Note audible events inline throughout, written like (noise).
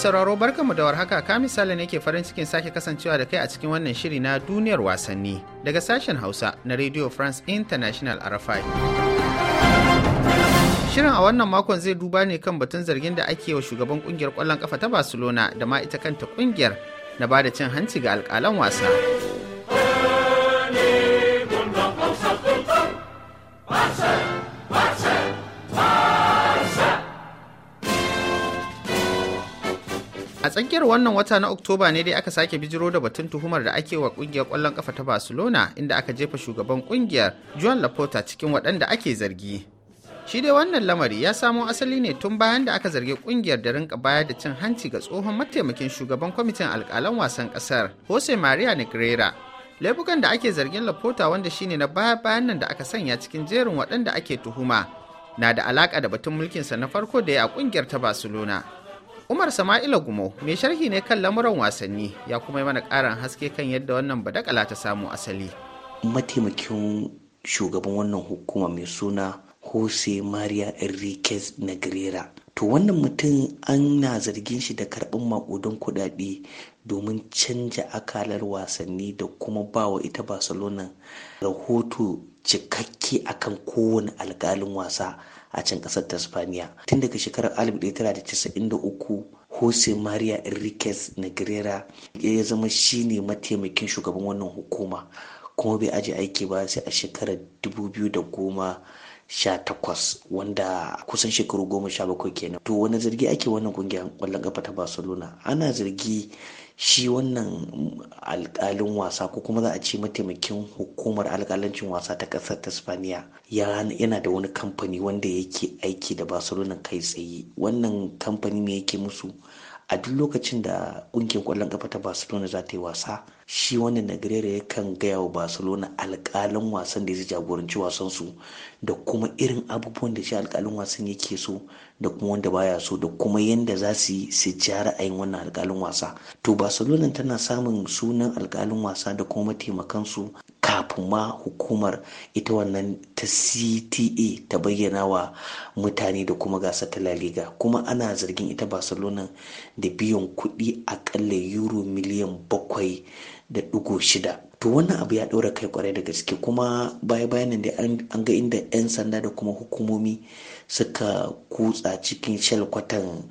sauraro barkanmu da warhaka ka misali ne ke farin cikin sake kasancewa da kai a cikin wannan shiri na duniyar wasanni daga sashen Hausa na Radio France International RFI. Shirin a wannan makon zai duba ne kan batun zargin da ake wa shugaban kungiyar kwallon kafa ta Barcelona da ma ita kanta kungiyar na ba da cin hanci ga alkalan wasa. Barcelona! a tsakiyar wannan wata na oktoba ne dai aka sake bijiro da batun tuhumar da ake wa kungiyar kwallon kafa ta barcelona inda aka jefa shugaban kungiyar juan laporta cikin waɗanda ake zargi shi dai wannan lamari ya samo asali ne tun bayan da aka zargi kungiyar da rinka bayar da cin hanci ga tsohon mataimakin shugaban kwamitin alkalan wasan Ƙasar, jose maria negrera laifukan da ake zargin laporta wanda shine na baya bayan nan da aka sanya cikin jerin waɗanda ake tuhuma na da alaka da batun mulkinsa na farko da ya a kungiyar ta barcelona Umar Sama'ila Gumo mai sharhi ne kan lamuran wasanni ya kuma yi mana ƙarin haske kan yadda wannan badakala ta samu asali. Mataimakin shugaban wannan hukuma mai suna Jose Maria Enriquez Negrera. To wannan mutum ana zargin shi da karɓin maƙudan kuɗaɗe domin canja akalar wasanni da kuma bawa ita Barcelona rahoto cikakke akan kowane alkalin wasa a can kasar spaniya tun daga shekarar 1993 jose maria enriquez negrera ya zama shine mataimakin shugaban wannan hukuma kuma bai aje aiki ba sai a shekarar 2010 Sha takwas, wanda kusan shekaru goma sha bakwai kenan to wani zargi ake wannan kungiyar kwallon kafa ta barcelona ana zargi shi wannan alkalin wasa ko kuma za a ce mataimakin hukumar alkalancin wasa ta kasar ta spaniya yana da wani kamfani wanda yake aiki da barcelona kai tsaye wannan kamfani ne yake musu a duk lokacin da kungiyar kwallon kafa ta barcelona za ta yi wasa shi wannan nagarera yakan gaya wa barcelona alkalin wasan da ya jagoranci wasan su, da kuma irin abubuwan da shi alkalin wasan yake so da kuma wanda baya so da kuma yadda za su yi su ja ra'ayin wannan alkalin wasa to barcelona tana samun sunan alkalin wasa da kuma mataimakansu kafin ma hukumar ita wannan ta cta ta bayyana wa mutane da kuma gasa ta la liga kuma ana zargin ita barcelona da biyan kuɗi akalla euro miliyan bakwai da ɗigo shida to wannan abu ya ɗora kai kwarai da gaske kuma baya bayanin da an ga inda 'yan sanda da kuma hukumomi suka kutsa cikin kwatan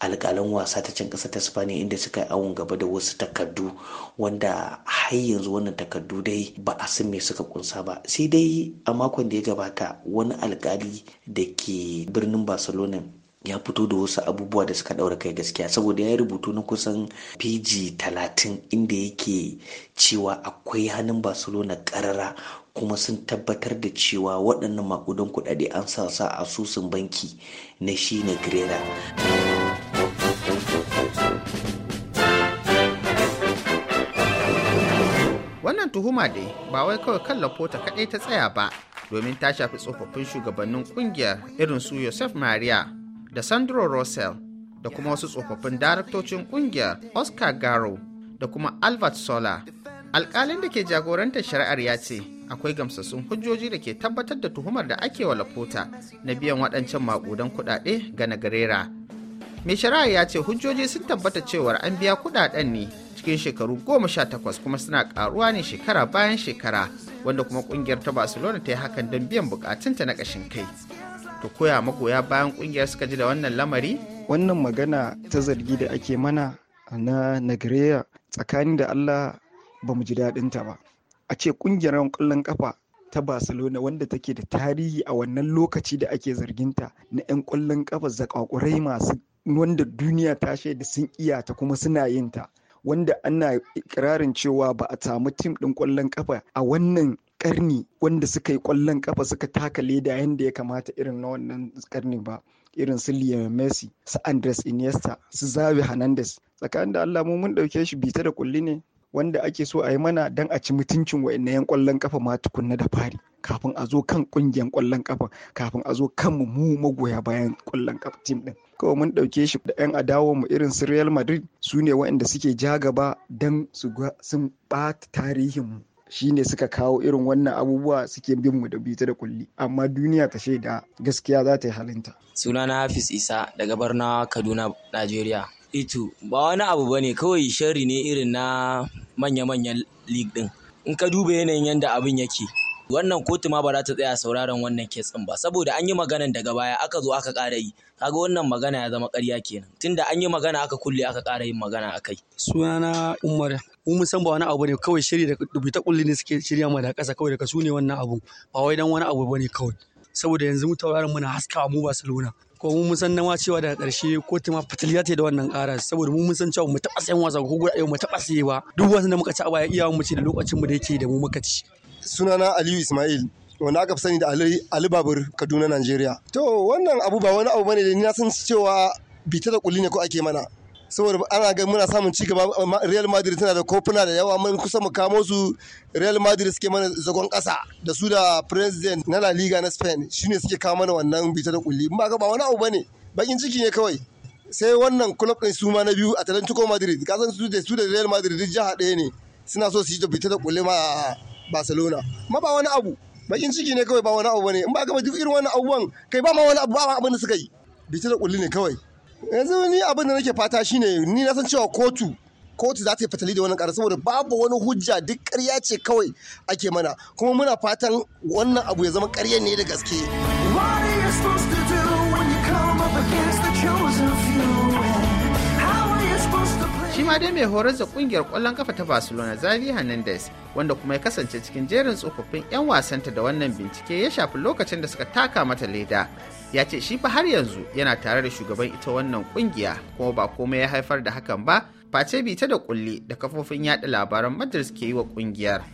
alƙalan wasa ta can ƙasa ta spaniya inda suka yi awon gaba da wasu takardu wanda har yanzu wannan takardu dai ba a san me suka kunsa ba sai dai a makon da ya gabata wani alƙali da ke birnin barcelona ya fito da wasu abubuwa da suka ɗaura kai gaskiya saboda ya yi rubutu na kusan pg 30 inda yake cewa akwai hannun barcelona karara kuma sun tabbatar da cewa waɗannan makudan kuɗaɗe an sa sa asusun banki na shi na grera wannan tuhuma dai ba wai kawai kan lafota kaɗai ta tsaya ba domin ta shafi tsofaffin shugabannin ƙungiyar irin su yosef maria da Sandro Rossell da kuma wasu tsofaffin daraktocin kungiyar Oscar Garo da kuma Albert Sola. Alƙalin da ke jagorantar shari'ar ya ce akwai gamsassun hujjoji da ke tabbatar da tuhumar da ake wa Laporta na biyan waɗancan maƙudan kuɗaɗe ga Nagarera. Mai shari'a ya ce hujjoji sun tabbata cewar an biya kuɗaɗen ne cikin shekaru goma sha takwas kuma suna ƙaruwa ne shekara bayan shekara wanda kuma ƙungiyar ta Barcelona ta yi hakan don biyan buƙatunta na ƙashin kai. to koya magoya bayan kungiyar suka ji da wannan lamari wannan magana ta zargi da ake mana na nagreya tsakanin da allah ba mu ji daɗinta ba a ce kungiyar ƙwallon kafa ta barcelona wanda take da tarihi a wannan lokaci da ake zarginta na 'yan ƙwallon kafa zakakurai masu wanda duniya ta shaida sun iya ta kuma suna yin ta wanda ana ikirarin cewa ba a samu tim ɗin ƙwallon kafa a wannan ƙarni wanda suka yi ƙwallon ƙafa suka taka leda yadda ya kamata irin na wannan ƙarni ba irin su Lionel Messi su Andres Iniesta su Xavi Hernandez tsakanin da Allah mu mun ɗauke shi bita da kulli ne wanda ake so a yi mana don a ci mutuncin wa'annan yan ƙwallon ƙafa ma tukunna da fari kafin a zo kan ƙungiyar ƙwallon ƙafa kafin a zo kan mu mu magoya bayan ƙwallon ƙafa tim ɗin kawai mun ɗauke shi da yan adawa mu irin su Real Madrid su ne wa'anda suke ja gaba don su sun ɓata tarihin mu Shi ne suka kawo irin wannan abubuwa suke bin mu da bita da kulli amma duniya ta shaida gaskiya za ta yi halinta sunana hafiz isa daga barna kaduna najeriya ito ba wani abu ba ne kawai shari ne irin na manya-manyan league din in ka duba yanayin yadda abin yake wannan kotu ma ba za ta tsaya sauraron wannan kes ɗin ba saboda an yi maganan daga baya aka zo aka ƙara yi kaga wannan magana ya zama ƙarya kenan tunda an yi magana aka kulle aka ƙara yin magana akai sunana Umar mu san ba wani abu ne kawai shiri da ta kulli ne suke shirya mu da ƙasa kawai daga su ne wannan abu ba wai dan wani abu bane kawai saboda yanzu mu tauraron muna haskawa mu Barcelona ko mu mun san nama cewa daga ƙarshe kotu ma fataliya ta da wannan ƙara saboda mu mun san cewa mu taɓa sayan wasa ko guda yau mu taɓa saye ba duk wasan da muka ci a baya iyawan mu ce da lokacin mu da yake da mu muka ci sunana Aliyu Ismail wanda aka fi sani da Ali Babur Kaduna Najeriya. To wannan abu ba wani abu bane da ni na san cewa bita da kulli ne ko ake mana. saboda ana ga muna samun ci gaba Real Madrid tana da kofuna da yawa mun kusa mu kamo su Real Madrid suke mana zagon kasa da su da president na La Liga na Spain shine suke kawo mana wannan bita da kulli ba ga ba wani abu bane bakin ciki ne kawai sai wannan club din su ma na biyu Atletico Madrid ka san su da su da Real Madrid duk jiha ɗaya ne suna so su yi da bita da kulli ma Barcelona kuma ba wani abu bakin ciki ne kawai ba wani abu bane in ba gaba duk irin wani abubuwan kai ba ma wani abu ba abin da suka yi bita da kulli ne kawai yanzu ni abin da nake fata shine ni na san cewa kotu kotu za ta yi fatali da wannan ƙara saboda babu wani hujja duk ƙarya ce kawai ake mana kuma muna fatan wannan abu ya zama ƙarya ne da gaske. What are you supposed to do when you come up against ma dai mai horar da kungiyar kwallon kafa ta barcelona Xavi hernandez wanda kuma ya kasance cikin jerin tsofaffin 'yan wasanta da wannan bincike ya shafi lokacin da suka taka mata leda ya ce shi fa har yanzu yana tare da shugaban ita wannan kungiya kuma ba komai ya haifar da hakan ba face ta da kulli da kafofin yada labaran madrid ke yi wa kungiyar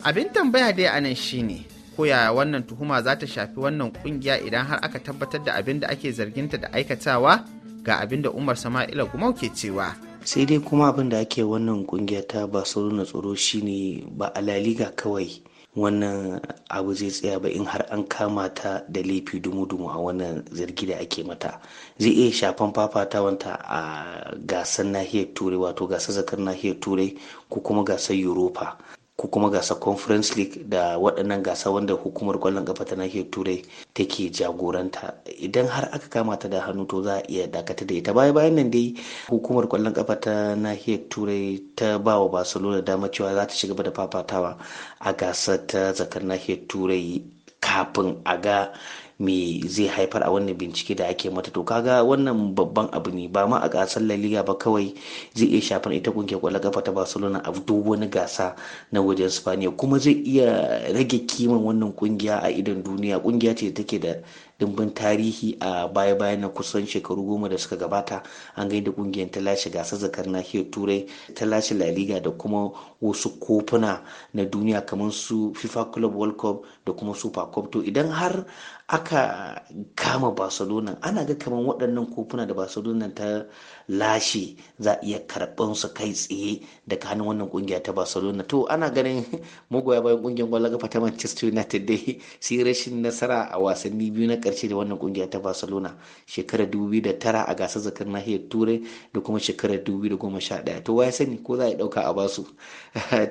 abin tambaya dai anan shine ko yaya wannan tuhuma za ta shafi wannan kungiya idan har aka tabbatar da abin da ake zarginta da aikatawa ga abin da umar sama'ila gumau ke cewa sai dai kuma abin da ake wannan kungiya ta ba barcelona tsoro shine ba a la kawai wannan abu zai tsaya ba in har an kama ta da laifi dumu-dumu a wannan zargi da ake mata zai iya shafan fafatawanta a gasar nahiyar turai wato gasar zakar nahiyar turai ko kuma gasar yuropa. ko kuma gasa conference league da waɗannan gasa wanda hukumar kwallon kafa ta nahiyar turai take jagoranta idan har aka kama ta da hannu to za a iya dakata da ita baya bayan nan dai hukumar kwallon kafa ta nahiyar turai ta ba wa barcelona dama cewa za ta ci gaba da fafatawa a gasar ta zakar nahiyar turai kafin a ga me zai haifar a wannan bincike da ake mata to kaga wannan babban abu ne ba ma a gasar La Liga ba kawai zai iya shafar ita kungiyar kwallon kafa ta Barcelona a duk wani gasa na wajen Spaniya kuma zai iya rage kiman wannan kungiya a idon duniya kungiya ce take da dimbin tarihi a baya baya na kusan shekaru goma da suka gabata an da kungiyar ta lashe gasar zakar nahiyar turai ta lashe la liga da kuma wasu kofuna na duniya kamar su fifa club world cup da kuma super cup to idan har aka kama barcelona ana ga kamar waɗannan kofuna da barcelona ta lashe za a iya karɓan su kai tsaye daga hannun wannan kungiya ta barcelona to ana ganin (laughs) magoya bayan kungiyar kwallon kafa ta manchester united dai sai (laughs) rashin nasara a wasanni biyu na ƙarshe da wannan kungiya ta barcelona shekarar dubu da tara a gasar zakar nahiyar turai da kuma shekarar dubu da goma sha ɗaya, to ya sani ko za a ɗauka a basu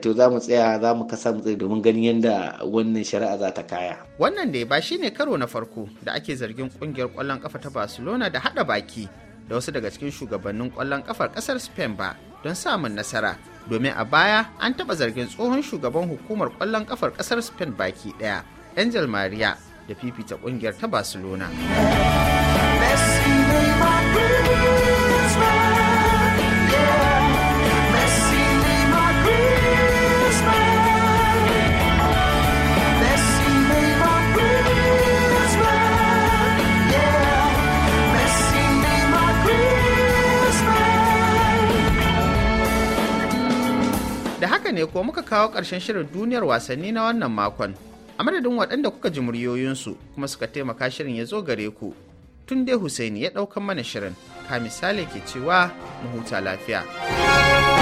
(laughs) to za mu tsaya za mu kasa mu tsaye domin ganin yadda wannan shari'a za ta kaya wannan dai ba shine karo na na farko da ake zargin kungiyar kwallon kafa ta barcelona da hada baki da wasu daga cikin shugabannin kwallon kafar kasar spain ba don samun nasara domin a baya an taba zargin tsohon shugaban hukumar kwallon kafar kasar spain baki daya angel maria da fifita kungiyar ta barcelona kuwa muka kawo ƙarshen shirin duniyar wasanni na wannan makon. A madadin waɗanda kuka ji muryoyinsu kuma suka taimaka shirin ya zo gare ku. Tun dai Husaini ya ɗaukan mana shirin, ka misali ke cewa mu huta lafiya.